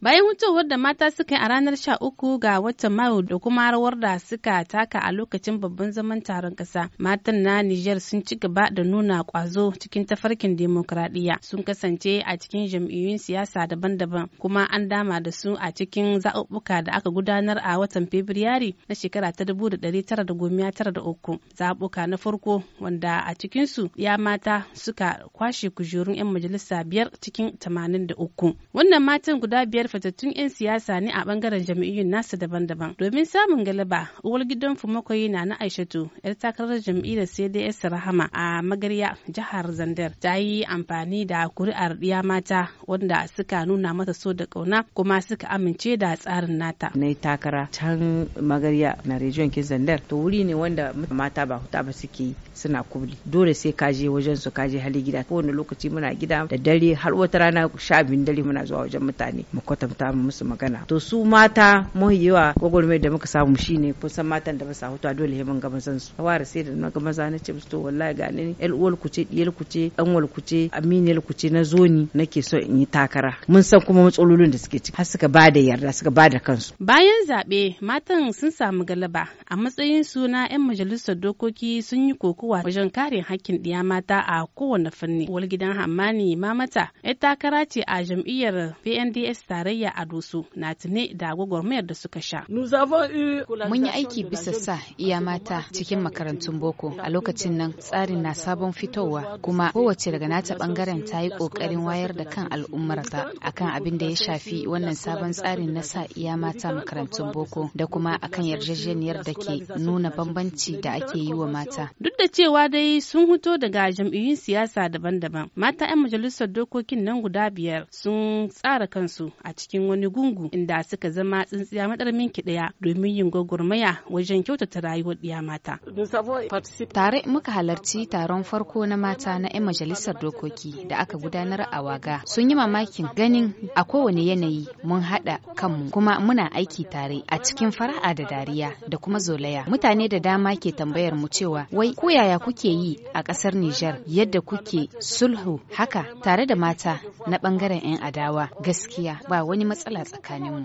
Bayan wucewar da mata suka yi a ranar sha uku ga watan Mayu da kuma rawar da suka taka a lokacin babban zaman taron ƙasa, matan na Nijar sun ci gaba da nuna ƙwazo cikin tafarkin demokradiyya. Sun kasance a cikin jam'iyyun siyasa daban-daban kuma an dama da su a cikin zaɓuɓɓuka da aka gudanar a watan Fabrairu na shekara ta 1993. Zaɓuka na farko wanda a cikinsu ya mata suka kwashe kujerun 'yan majalisa biyar cikin 83. Wannan matan guda biyar jam'iyyar 'yan siyasa ne a bangaren jam'iyyun nasu daban-daban. Domin samun galaba, uwar gidan Fumakoyi na na Aishatu, 'yar takarar jam'iyyar CDS Rahama a Magarya, jihar Zandar, ta yi amfani da kuri'ar ɗiya mata wanda suka nuna mata so da ƙauna kuma suka amince da tsarin nata. Na takara can Magarya na Region Zandar, to wuri ne wanda mata ba huta ba suke suna kubli. Dole sai ka je wajen su ka je hali gida. Kowane lokaci muna gida da dare har wata rana sha biyun dare muna zuwa wajen mutane mu kwatanta musu magana to su mata yiwa gwagwarmayar da muka samu shine kusan matan da ba sa hutu dole he mun ga mazan su sai da na ga maza na ce to wallahi ga ni el uwal ku ce diyal ku ce dan wal ku ce aminiyal ku ce na zo ni nake so in yi takara mun san kuma matsalolin da suke ciki har suka ba da yarda suka ba da kansu bayan zabe matan sun samu galaba a matsayin suna na yan majalisar dokoki sun yi kokowa wajen kare hakkin diya mata a kowane fanni wal gidan hammani mamata yar takara ce a jam'iyyar PNDS tare tarayya a Dusu na tune da gwagwarmayar da suka sha. Mun yi aiki bisa sa iya mata cikin makarantun boko a lokacin nan tsarin na sabon fitowa kuma kowace daga nata bangaren ta yi kokarin wayar da kan al'ummar a akan abin da ya shafi wannan sabon tsarin na sa iya mata makarantun boko da kuma akan yarjejeniyar da ke nuna bambanci da ake yi wa mata. Duk da cewa dai sun huto daga jam'iyyun siyasa daban-daban mata 'yan majalisar dokokin nan guda biyar sun tsara kansu a cikin wani gungu inda suka zama tsintsiya madar minki daya domin yin gwagwarmaya wajen kyautata rayuwar ɗiya mata. Tare muka halarci taron farko na mata na 'yan majalisar dokoki da aka gudanar a waga. Sun yi mamakin ganin a kowane yanayi mun haɗa kanmu kuma muna aiki tare a cikin fara'a da dariya da kuma zolaya. Mutane da dama ke tambayar mu cewa wai ku yaya kuke yi a ƙasar Nijar yadda kuke sulhu haka tare da mata na ɓangaren 'yan adawa gaskiya ba wani matsala tsakaninmu